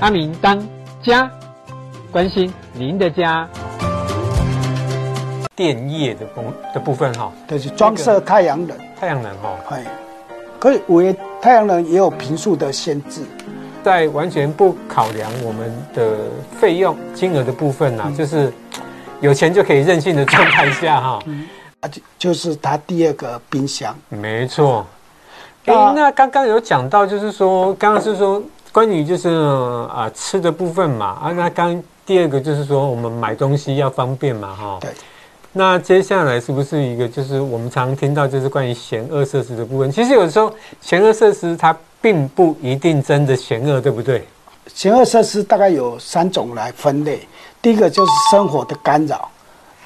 阿明當家關心您的家，電業的工的部分哈、哦，對是裝設太陽能，太陽能哈、哦，哎，可是五月太陽能也有坪數的限制，在完全不考量我們的費用金額的部分呢、啊，嗯、就是有錢就可以任性的狀態下哈、哦，啊就、嗯、就是他第二個冰箱，沒錯，哎，那剛剛有講到就是說，剛剛是說。關於就是、呃、啊吃的部分嘛，啊那剛剛第二個就是說我們買東西要方便嘛哈。對。那接下來是不是一個就是我們常聽到就是關於嫌惡設施的部分？其實有時候嫌惡設施它並不一定真的嫌惡，對不對？嫌惡設施大概有三種來分類，第一個就是生活的干擾，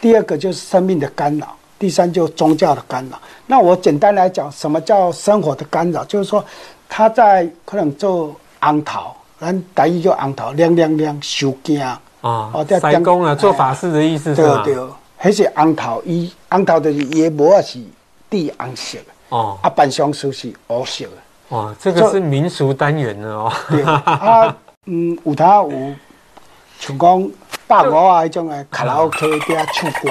第二個就是生命的干擾，第三個就是宗教的干擾。那我簡單來講，什麼叫生活的干擾？就是說他在可能就紅頭，咱台語叫紅頭，亮亮亮，收驚、哦、啊！啊，三公啊，欸、做法事的意思是嘛？對對，還是紅頭，伊紅頭的帽仔啊是地紅色的，哦、啊，一般上說是烏色的。哦，這個是民俗單元的哦。以哦對，啊，嗯，有他有 像講大鑼啊，那種的卡拉 OK 店唱歌。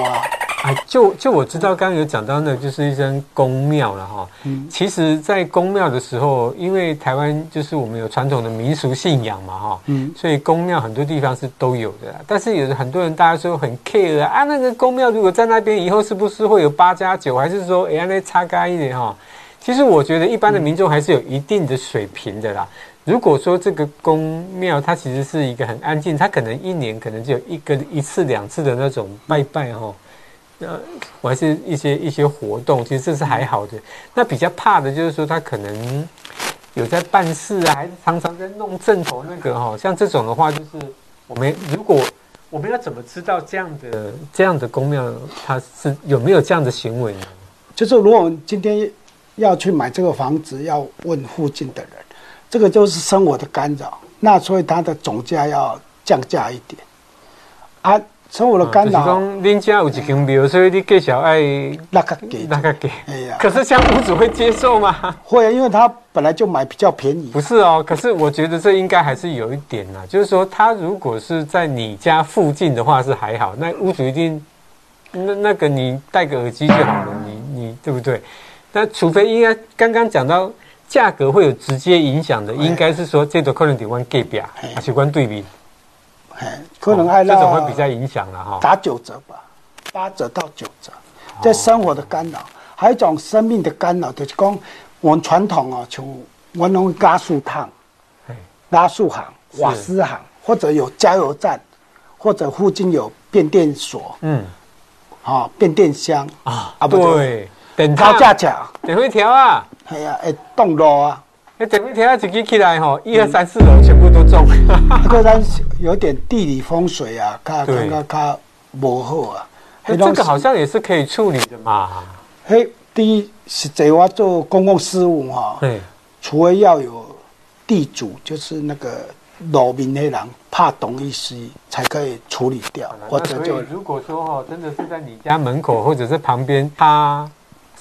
就就我知道，剛剛有講到的，就是一間宮廟了哈。其實，在宮廟的時候，因為台灣就是我們有傳統的民俗信仰嘛哈。嗯。所以，宮廟很多地方是都有的。但是，有很多人大家說很 care 啊，啊，那個宮廟如果在那邊，以後是不是會有八加九，還是說欸那擦乾一點哈？其實，我覺得一般的民眾還是有一定的水平的啦。如果說這個宮廟它其實是一個很安靜，它可能一年可能就有一個一次兩次的那種拜拜哈。呃，啊、我還是一些一些活動，其實這是還好的。嗯、那比較怕的就是說他可能有在辦事啊，還是常常在弄陣頭那個哈、哦，像這種的話，就是我們如果我們要怎麼知道這樣的、呃、這樣的宮廟，他是有沒有這樣的行為呢？就是如果我們今天要去買這個房子，要問附近的人，這個就是生活的干擾，那所以它的總價要降價一點。啊。受我的干擾、嗯。就是講，恁家有一根廟，嗯、所以你給小愛。那個給，那個給。哎、呀可是，像屋主會接受嗎？會啊、哎，因為他本來就買比較便宜、啊。不是哦，可是我覺得這應該還是有一點吶，就是說，他如果是在你家附近的話是還好，那屋主一定，那那個你戴個耳機就好了，你你對不對？那除非應該剛剛講到價格會有直接影響的，哎、呀應該是說最多可能得換給啊習慣對比。可能還了，這種會比較影響了哈。打九折吧，八折到九折。在生活的干擾，還有一種生命的干擾，就是說我們傳統哦，像我們加湯嘿拉樹趟、拉樹行、瓦斯行，是或者有加油站，或者附近有變電所，嗯，好變、哦、變電箱啊，啊不對，等高架橋，等會調啊，哎呀哎，凍到湯架啊。你這邊天下自己起來吼，一二三四樓全部都中，不過咱有點地理風水啊，卡更加卡不好啊。這個好像也是可以處理的嘛。嘿、啊，第一是在實際我做公共事務哈、啊，對，除非要有地主，就是那個老民的人怕，怕懂一些才可以處理掉。或者的就如果說哈，真的是在你家門口或者是旁邊，他。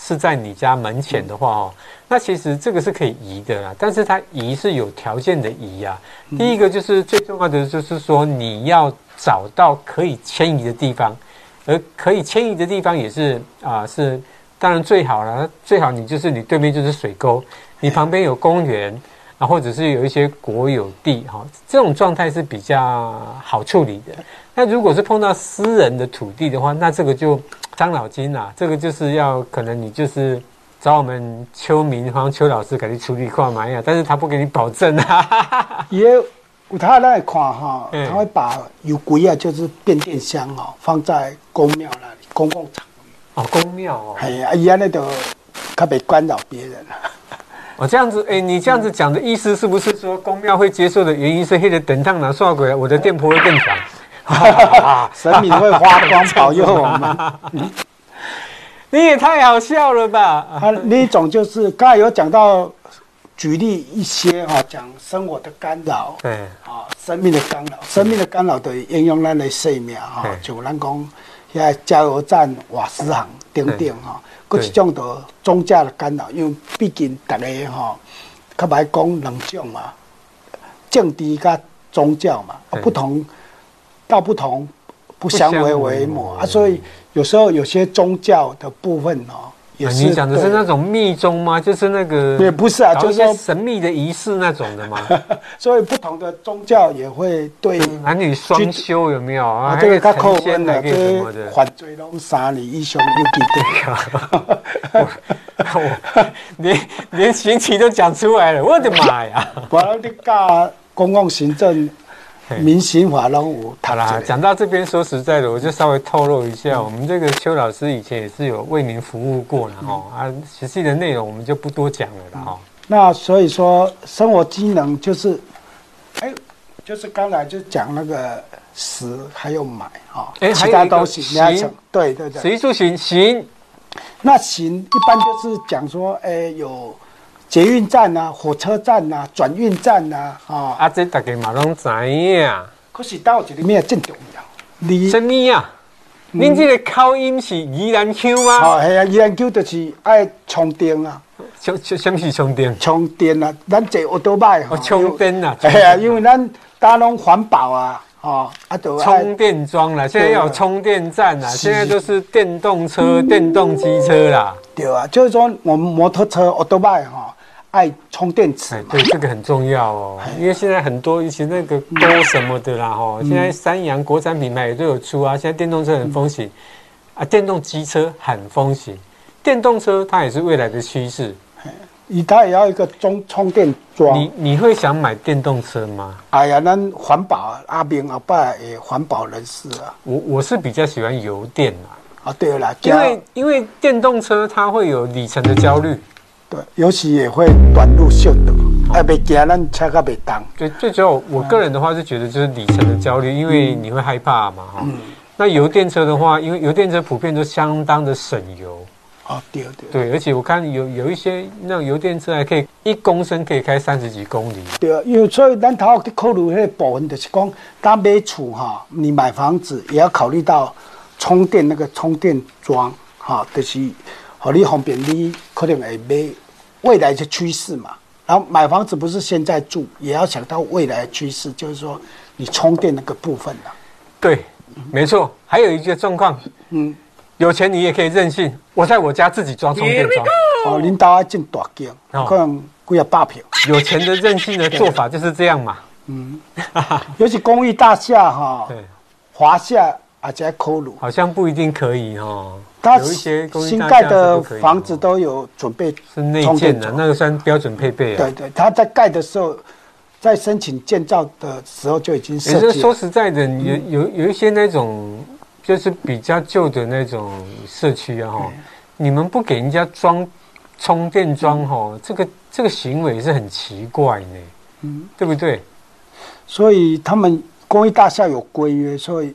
是在你家門前的話哦，那其實這個是可以移的啦，但是它移是有條件的移呀、啊。第一個就是最重要的，就是說你要找到可以遷移的地方，而可以遷移的地方也是啊，是當然最好了，最好你就是你對面就是水溝，你旁邊有公園。啊、或者是有一些國有地哈，這種狀態是比較好處理的。那如果是碰到私人的土地的話，那這個就傷腦筋了。這個就是要可能你就是找我們邱明芳，好像邱老師給你處理一塊嘛呀，但是他不給你保證啊。也他那塊哈，他會把有鬼啊，就是變電箱、哦、放在公廟那裡，公共場面。哦，公廟哦。哎呀，呀，那都可別干擾別人了。我這樣子、欸，你這樣子講的意思是不是說公廟會接受的原因是黑的等趟拿刷鬼，我的店鋪會更長， 神明會花光保佑我們。 你也太好笑了吧？ 啊，那種就是剛才有講到，舉例一些哈、哦，講生活的干擾，對，啊、哦，生命的干擾，生命的干擾都應用在那寺廟啊，九郎公，哦、對現在加油站、瓦斯行。頂頂。哈、哦，一種就宗教的干擾，因為畢竟大家哈較歹講兩種嘛，政治宗教嘛，對啊、不同道不同不相為為謀啊，所以有時候有些宗教的部分哦。嗯嗯啊、你講的是那種密宗嗎？就是那個那也不是啊，就是神秘的儀式那種的嘛。 所以不同的宗教也會對男女雙修有沒有啊？還有成仙那個什麼的，啊這個啊這個、犯罪了，殺 你， 一兄又幾對啊？哈哈連連刑期都講出來了，我的媽呀！我要去搞公共行政。明星華龍舞，好啦，講到這邊，說實在的，我就稍微透露一下，嗯、我們這個邱老師以前也是有為您服務過呢、哦，哈、嗯、啊，實際的內容我們就不多講了了，哈。那所以說，生活機能就是，哎，就是剛才就講那個食還有買哈，哎、哦，誒其他都行，行，行，對對對，衣食住行行，那行一般就是講說，哎有。捷運站啊，火車站啊，轉運站啊。哦、啊，這大家嘛都知呀、啊。可是到底裡面最重要，你什麼呀、啊？嗯、您這個口音是宜蘭腔嗎？哦，係啊，宜蘭腔就是愛充、啊、充、充、充電啊。充、充、什麼是充電、啊？充電啊！咱這有都賣？哦，充電啊！係啊，因為咱打攏環保啊，哦，啊就充電樁了。現在有充電站了，啊、現在都是電動車、嗯、電動機車啦。對啊，就是說我們摩托車、奧德邁哈愛充電池、哎、對，這個很重要哦，啊、因為現在很多，以前那個哥什麼的啦哈。嗯、現在三洋國產品牌也都有出啊。嗯、現在電動車很風行、嗯、啊，電動機車很風行，嗯、電動車它也是未來的趨勢。你它、哎、也要一個充充電樁。你你會想買電動車嗎？哎呀，那環保阿明阿爸也環保人士啊。我我是比較喜歡油電啊。啊，對了，因為因為電動車它會有里程的焦慮，嗯、對，尤其也會短路秀的，哎，別驚咱車殼別當對，最主要我個人的話就覺得就是里程的焦慮，因為你會害怕嘛，哈、嗯。哦、那油電車的話，嗯、因為油電車普遍都相當的省油。啊、哦，對了對了對，而且我看有有一些那種油電車還可以一公升可以開三十幾公里。對，因為所以咱頭殼去考慮的那保溫的是講，當買厝哈、啊，你買房子也要考慮到。充電那個充電樁，哈、哦，就是，合理方便你，可能會買未來的趨勢嘛。然後買房子不是現在住，也要想到未來趨勢，就是說你充電那個部分了、啊。對，嗯、沒錯。還有一個狀況，嗯，有錢你也可以任性。我在我家自己裝充電樁。we 哦，領導啊進大金，看、哦、幾啊大票。有錢的任性的做法就是這樣嘛。對嗯，哈哈。尤其公寓大廈哈。哦、對。華廈。而且接入好像不一定可以哦。他有一些新蓋的房子都有準備是內建的，那個算標準配備。對對，它在蓋的時候，在申請建造的時候就已經。其實說實在的，有有有一些那種就是比較舊的那種社區哈、啊，嗯、你們不給人家裝充電樁哈、哦，嗯、這個這個行為是很奇怪呢。嗯，對不對？所以他們公寓大廈有規約，所以。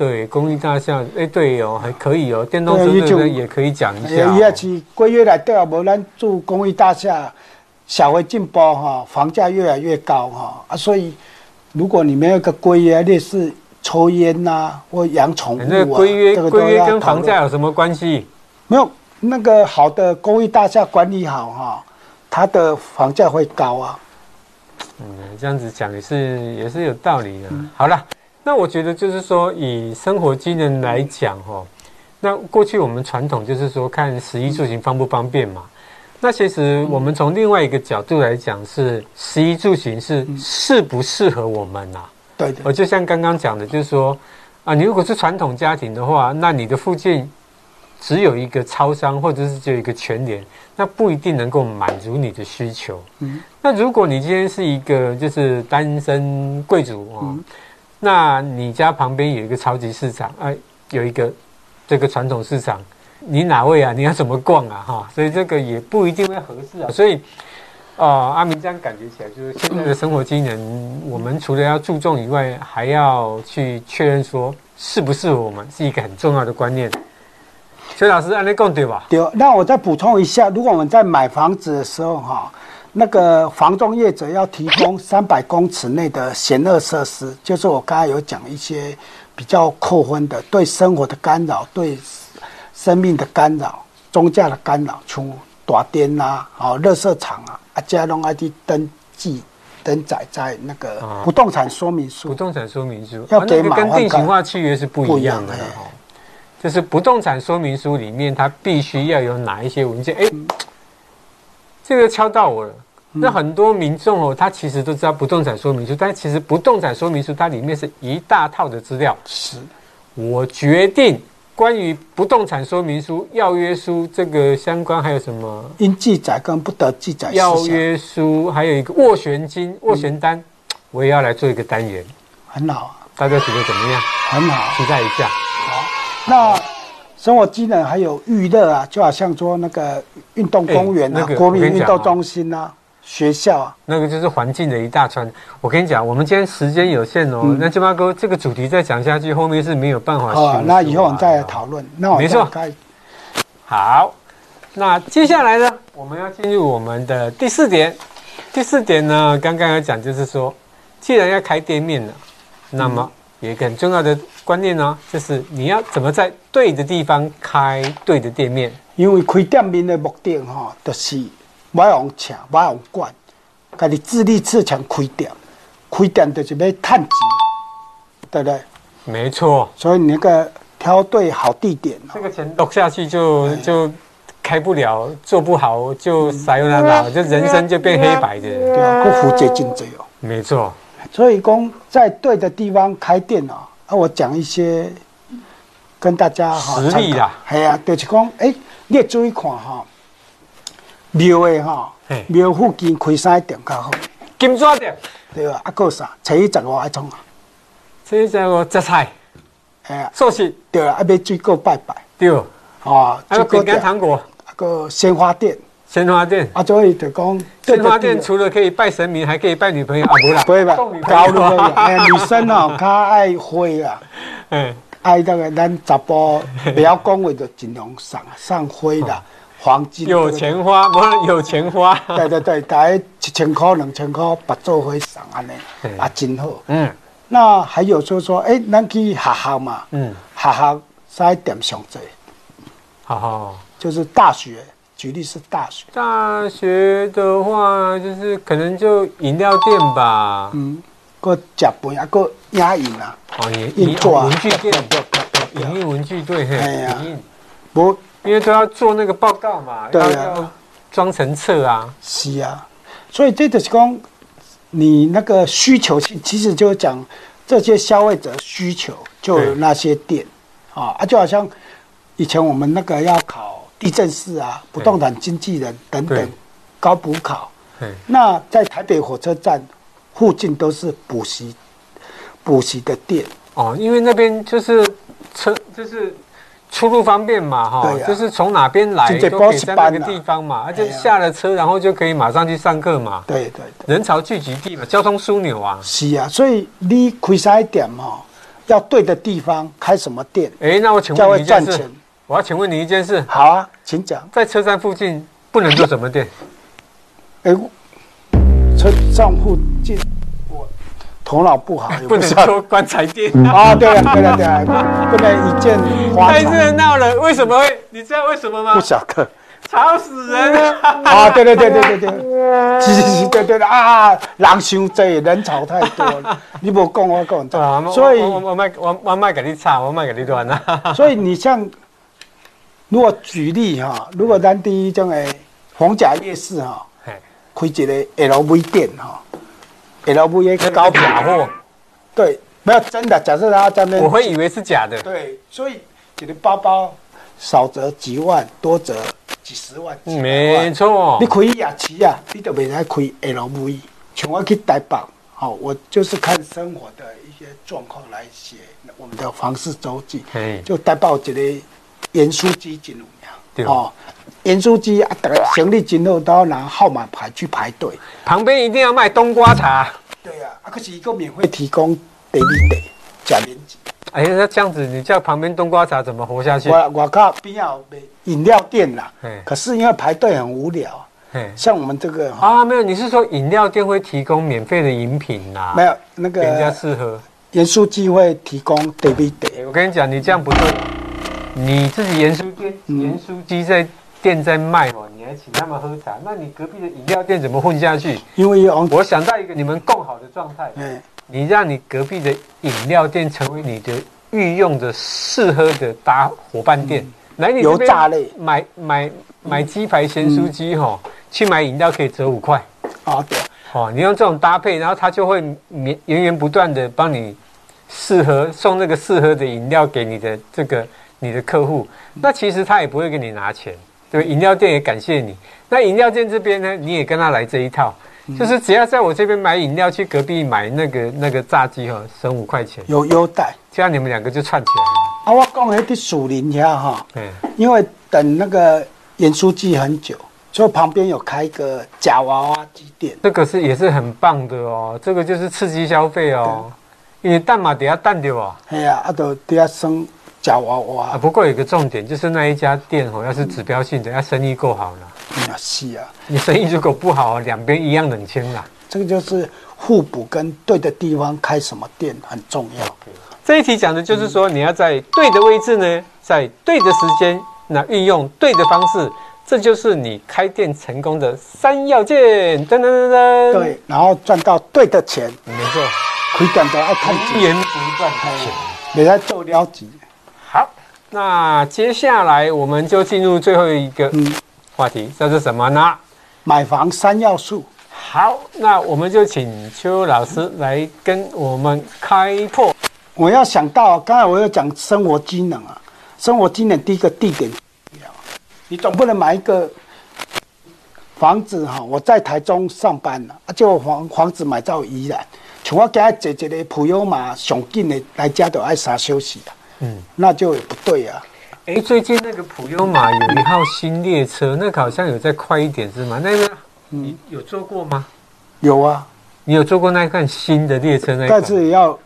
對，公寓大廈，哎，對哦，還可以哦，電動車就也可以講一下、哦。也也是規約來，對啊，不然住公寓大廈，小微勁爆哈，房價越來越高哈、哦、啊，所以如果你們那個規約，類似抽煙吶、啊，或養寵物啊，規、那個、約規約跟房價有什麼關係？沒有，那個好的公寓大廈管理好哈、哦，它的房價會高啊。嗯，這樣子講也是也是有道理的。嗯、好了。那我覺得就是說，以生活機能來講，哈，那過去我們傳統就是說看食衣住行方不方便嘛。那其實我們從另外一個角度來講，是食衣住行是適不適合我們吶？對的。我就像剛剛講的，就是說，啊，你如果是傳統家庭的話，那你的附近只有一個超商或者是只有一個全聯，那不一定能夠滿足你的需求。嗯。那如果你今天是一個就是單身貴族啊、哦。那你家旁邊有一個超級市場，哎、呃，有一個這個傳統市場，你哪位啊？你要怎麼逛啊？哈、哦，所以這個也不一定會合適啊。所以，哦、呃，阿明這樣感覺起來，就是現在的生活機能，嗯、我們除了要注重以外，還要去確認說適不適合我們，是一個很重要的觀念。邱老師，按呢共對吧？對。那我再補充一下，如果我們在買房子的時候，哈、哦。那個房仲業者，要提供三百公尺內的嫌惡設施，就是我剛才有講一些比較扣分的，對生活的干擾、對生命的干擾、中價的干擾，出打電啊、好熱射場啊、啊加農 I D 登記登載在那個不動產說明書。啊、不動產說明書要給買方看。跟定型化契約是不一樣的。不一樣的哦、就是不動產說明書裡面，它必須要有哪一些文件？哎、嗯。誒這個敲到我了。那很多民眾哦，他其實都知道不動產說明書，但其實不動產說明書它裡面是一大套的資料。是，我決定關於不動產說明書、要約書這個相關還有什麼？應記載跟不得記載。要約書還有一個斡旋金、斡旋單，嗯、我也要來做一個單元。很好、啊，大家覺得怎麼樣？很好、啊，期待一下。好，那。生活機能還有娛樂啊，就好像說那個運動公園啊，欸那個，國民運動中心啊，啊學校啊，那個就是環境的一大串。我跟你講，我們今天時間有限哦，嗯、那金巴哥這個主題再講下去，後面是沒有辦法，哦。那以後我們再來討論。哦，那我再開沒錯。好，那接下來呢，我們要進入我們的第四點。第四點呢，剛剛有講就是說，既然要開店面了，那麼也更重要的。觀念呢，就是你要怎麼在對的地方開對的店面。因為開店面的目的哈，就是買紅俏、買用管，家己自立自強開店。開店就是欲趁錢，對不對？沒錯。所以你那個挑對好地點，這個錢落下去就、哎、呀就開不了，做不好就塞又那哪，就人生就變黑白的，對啊，不虎節進賊哦。沒錯。所以講在對的地方開店啊。哦啊、我講一些，跟大家哈，實力啦，係啊，就是講，哎、欸，你注意看哈，廟誒哈，廟、欸、附近開啥店較好？金沙店對啊，啊，個啥？初一十五愛創啊？初一十五摘菜，誒，呀，素食對啊，一邊食、啊、水果拜拜對，哦、啊，還有餅乾糖果，個鮮花店。鮮花店啊，所以就講鮮花店除了可以拜神明，還可以拜女朋友啊，不會吧？送女朋友，女生哦，較愛花啊，嗯，愛到個咱怎麼不要講話就盡量送送花的黃金，有錢花，不是有錢花？對對對，大概一千塊、兩千塊不做花送安尼啊，真好。嗯，那還有就說，誒，咱去學校嘛，嗯，學校在點上最，好好，就是大學。舉例是大學。大學的話，就是可能就飲料店吧。嗯，個甲拌啊，個壓印啊，哦，印印文具店就，印文具對嘿，印印，啊。我因為都要做那個報告嘛，對啊，裝成冊啊，是啊，所以這個是說你那個需求性，其實就是講這些消費者需求，就有那些店啊對，哦，啊，就好像以前我們那個要考。地政士啊，不動產經紀人等等，對高普考。對那在台北火車站附近都是補習、補習的店。哦，因為那邊就是車，就是出入方便嘛、哦、哈、啊。就是從哪邊來就給到一個地方嘛，而且下了車，然後就可以馬上去上課嘛。對、啊、對、啊。人潮聚集地嘛，交通樞紐啊。對對對，是啊，所以你開啥店嘛、哦，要對的地方開什麼店。哎、欸，那我請問一下、就是。我要請問你一件事。好啊，請講。在車站附近不能做什麼店？哎，車站附近我頭腦不好，不能做棺材店。啊，對了，棺材店不能一件花。太熱鬧了，為什麼會？你知道為什麼嗎？不曉得。吵死人了！啊，對對對對對對，是是是，對對對啊，人太多，人潮太多。你不說我說。所以，我賣我我賣給你差我賣給你亂了。所以你像。如果舉例哈、啊，如果咱滴種誒逢甲夜市哈、啊，嘿開一個 LV 店哈，LV 也搞假貨，咳咳對，不要真的。假設他真邊我會以為是假的，對，所以你的包包少則幾萬，多則幾十萬，萬沒錯錯、那個。你可以夜市啊，你都未可開 LV，像我去台北，好、哦，我就是看生活的一些狀況來寫我們的房市週記，嘿就台北這裡。鹽酥雞進入呀？鹽酥雞對哦，鹽酥雞啊，等行李進後都要拿號碼牌去排隊，旁邊一定要賣冬瓜茶。對呀、啊，啊，可是一個免費提供得你的，假名字。哎、欸，那這樣子，你叫旁邊冬瓜茶怎麼活下去？我我靠，必要飲料店啦。欸、可是因為排隊很無聊。嗯、欸。像我們這個啊，沒有，你是說飲料店會提供免費的飲品吶？沒有，那個比較適合鹽酥雞會提供得不給？我跟你講，你這樣不對。你自己鹽酥雞鹽酥雞在店在賣、嗯、你還請他們喝茶，那你隔壁的飲料店怎麼混下去？因為、嗯、我想到一個你們共好的狀態，嗯、你讓你隔壁的飲料店成為你的御用的適合的搭夥伴店。嗯、來，你這邊買買買雞、嗯、排鹽酥雞哈、喔，去買飲料可以折五塊、嗯嗯喔。你用這種搭配，然後他就會源源源不斷的幫你適合送那個適合的飲料給你的這個。你的客戶，那其實他也不會給你拿錢，對吧？飲料店也感謝你。那飲料店這邊呢，你也跟他來這一套，嗯、就是只要在我這邊買飲料，去隔壁買那個那個炸雞哈、哦，省五塊錢。有優待，這樣你們兩個就串起來了。啊，我講那的是樹林遐哈、哦、對因為等那個演出機很久，所以旁邊有開一個假娃娃機店。這個是也是很棒的哦，這個就是刺激消費哦，對因為蛋嘛底下蛋掉、哦、啊。呀，啊，阿度底下生。夾娃娃，啊、不過有一個重點，就是那一家店吼，哦，要是指標性的，嗯、要生意夠好了。嗯、啊是啊，你生意如果不好兩邊一樣冷清啦，啊。這個就是互補跟對的地方開什麼店很重要。這一題講的就是說，嗯、你要在對的位置呢，在對的時間，那運用對的方式，這就是你開店成功的三要件。噔噔噔噔。對，然後賺到對的錢，嗯。沒錯，虧本到要看錢。閒言不賺錢，你在做了解。那接下來我們就進入最後一個話題，嗯、這是什麼呢？買房三要素。好，那我們就請邱老師來跟我們開破。我要想到，剛才我有講生活機能啊，生活機能第一個地點，你總不能買一個房子哈？我在台中上班了，就、啊、房房子買到宜蘭，除我家坐一個普悠瑪緊的來家都要三小時的。的嗯，那就也不對呀、啊。哎，最近那個普悠馬有一號新列車，那個好像有再快一點是嗎？那個、嗯、你有坐過嗎？有啊，你有坐過那一趟新的列車那？那但是也要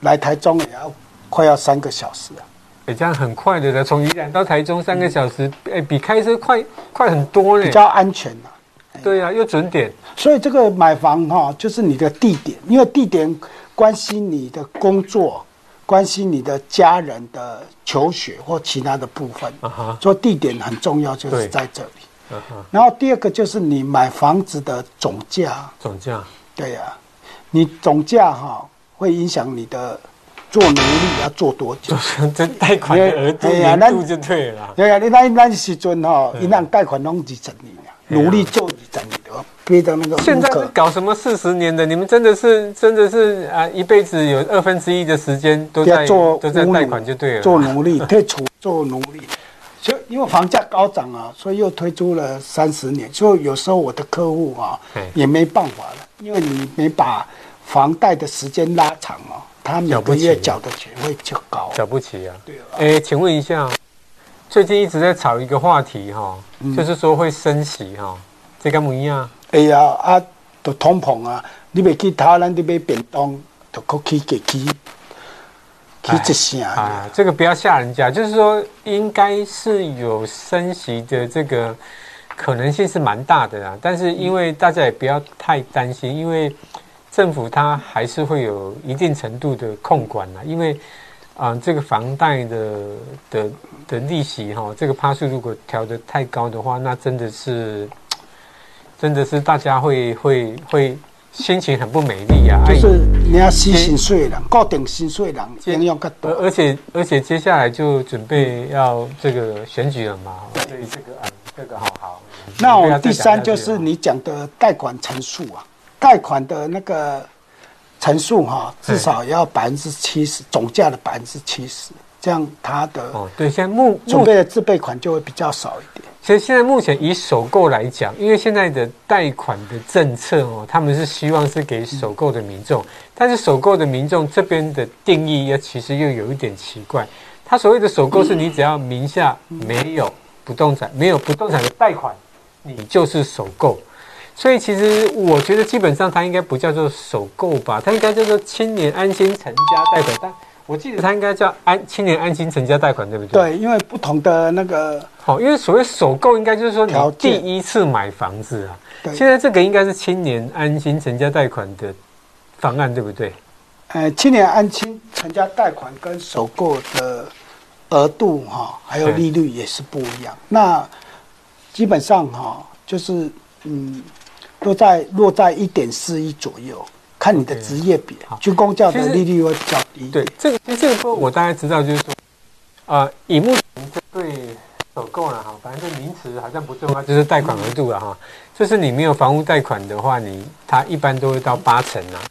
來台中也要快要三個小時啊。哎，這樣很快的，從宜蘭到台中三個小時，哎、嗯，比開車快快很多嘞。比較安全嘛、啊？對啊，又準點。所以這個買房哈、哦，就是你的地點，因為地點關係你的工作。關心你的家人的求學或其他的部分，uh huh. 所以地點很重要，就是在這裡。Uh huh. 然後第二個就是你買房子的總價。總價價。對呀、啊，你總價哈、哦、會影響你的做努力，要做多久？做 貸款額度呀，那、啊、就對了。對呀、啊，你那那時陣哈，銀行貸款弄只成你。呀，Er, 現在搞什麼四十年的？你們真的是真的是啊！一輩子有二分之一的時間都在都在貸款，就對了。做奴隸，退出 做奴隸。就因為房價高漲啊，所以又推出了三十年。所以有時候我的客戶啊，嘿也沒辦法了，因為你沒把房貸的時間拉長啊，他每個月繳的錢會就高。繳不起啊。對啊，哎，請問一下，最近一直在炒一個話題哈、哦，就是說會升息哈、哦。這不一樣哎呀、啊、通膨們、哎、啊！你他、啊，這個不要嚇人家，就是說，應該是有升息的這個可能性是蠻大的啊。但是，因為大家也不要太擔心，嗯、因為政府它還是會有一定程度的控管啊。因為，啊、呃，這個房貸的的的利息哈、哦，這個趴數如果調的太高的話，那真的是。真的是大家會會會心情很不美麗啊！就是你要細心稅人，對固定薪水人，營用更多。而且而且接下來就準備要這個選舉了嘛？對，這個啊，這個好好。那我第三就是你講的貸款成數啊，貸款的那個成數哈，至少要百分之七十，對總價的百分之七十，這樣它的哦，對，現在目，準備的自備款就會比較少一點。其實現在目前以首購來講，因為現在的貸款的政策哦，他們是希望是給首購的民眾，但是首購的民眾這邊的定義，又其實又有一點奇怪。他所謂的首購是你只要名下沒有不動產，沒有不動產的貸款，你就是首購。所以其實我覺得基本上它應該不叫做首購吧，它應該叫做青年安心成家貸款。但我記得他應該叫安青年安心成家貸款，對不對？對，因為不同的那個，好、哦，因為所謂首購應該就是說你第一次買房子啊。對現在這個應該是青年安心成家貸款的方案，對不對？呃，青年安心成家貸款跟首購的額度哈、哦，還有利率也是不一樣。對那基本上哈、哦，就是嗯，落在落在一點四億左右。看你的職業比，哈、okay，軍公教的利率會較低。對，這個其實這個我大概知道，就是說，啊、呃，以目前這對首購了哈，反正這名詞好像不重要，就是貸款額度了、啊、哈。嗯，就是你沒有房屋貸款的話，你它一般都會到八成啊，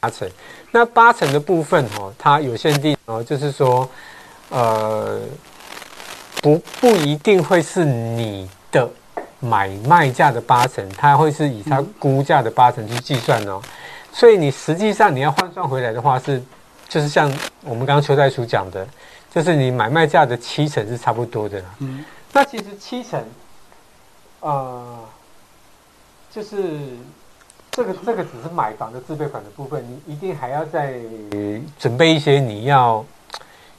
八成。那八成的部分哈、哦，它有限定哦，就是說，呃，不不一定會是你的買賣價的八成，它會是以它估價的八成去計算哦。嗯所以你實際上你要換算回來的話是，就是像我們剛剛邱代書講的，就是你買賣價的七成是差不多的啦、嗯。那其實七成，啊、呃，就是這個這個只是買房的自備款的部分，你一定還要再準備一些，你要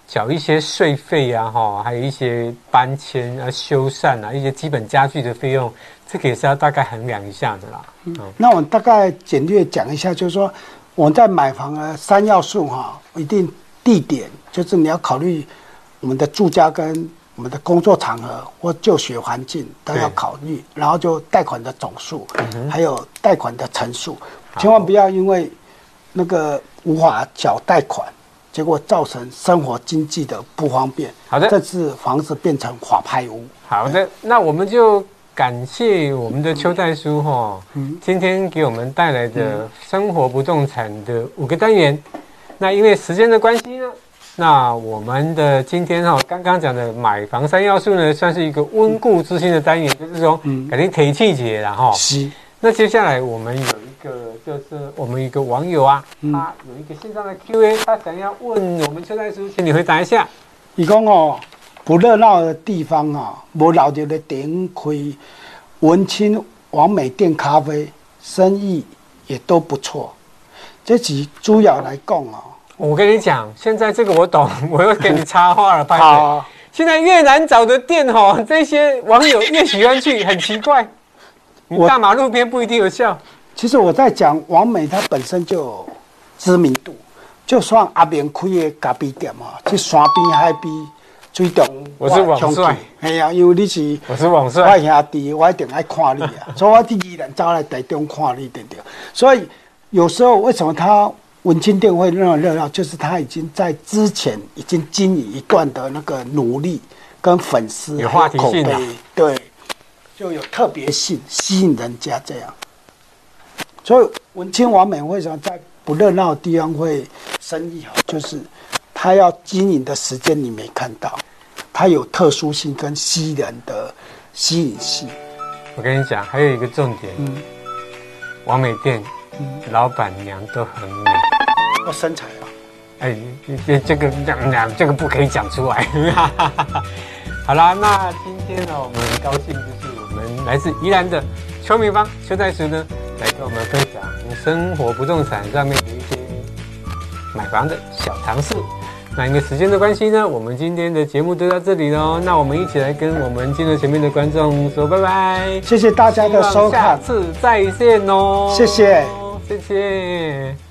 繳一些稅費啊，哈，還有一些搬遷啊、修繕啊、一些基本家具的費用。這個也是要大概衡量一下的啦。哦嗯、那我們大概簡略講一下，就是說我們在買房啊，三要素哈，一定地點，就是你要考慮我們的住家跟我們的工作場合或就學環境都要考慮，對然後就貸款的總數，嗯、哼還有貸款的成數，好千萬不要因為那個無法繳貸款，結果造成生活經濟的不方便。好的，這次房子變成法拍屋。好的，對那我們就。感謝我們的邱代書哈，今天給我們帶來的生活不動產的五個單元。那因為時間的關係呢，那我們的今天哈，剛剛講的買房三要素呢，算是一個溫故知新的單元，嗯、就是說肯定挺細節的哈。啦齁是那接下來我們有一個，就是我們一個網友啊，他有一個線上的 Q&A，他想要問我們邱代書，請你回答一下。你講哦。不熱鬧的地方啊，我老弟的店開文青網美店咖啡，生意也都不錯。這集主要來講哦、啊。我跟你講，現在這個我懂，我要給你插話了。 好，好啊、現在越難找的店哦，這些網友越喜歡去，很奇怪。大馬路邊不一定有效。其實我在講網美，它本身就有知名度，就算阿明開的咖啡店啊，就山邊海邊。最懂，我，我是王帥。哎呀、啊，因為你是我，我是兄弟，我一定愛看你啊！ 所以我第二站再來台中看你，對不對？所以有時候為什麼他文青店會那麼熱鬧，就是他已經在之前已經經營一段的那個努力，跟粉絲有話題性、啊口碑，對，就有特別性吸引人家這樣。所以文青完美為什麼在不熱鬧的地方會生意好，就是。他要經營的時間你沒看到，他有特殊性跟吸人的吸引性。我跟你講，還有一個重點，嗯，王美店、嗯、老闆娘都很美，我、哦、身材啊，哎，這這個講講這個不可以講出來， 好啦，那今天呢，我們很高興就是，我們來自宜蘭的邱明芳、邱大叔呢，來跟我們分享生活不動產上面的一些買房的小常識。那因為時間的關係呢，我們今天的節目就到這裡嘍。那我們一起來跟我們鏡頭前面的觀眾說拜拜，謝謝大家的收看，下次再見嘍。謝謝，謝謝。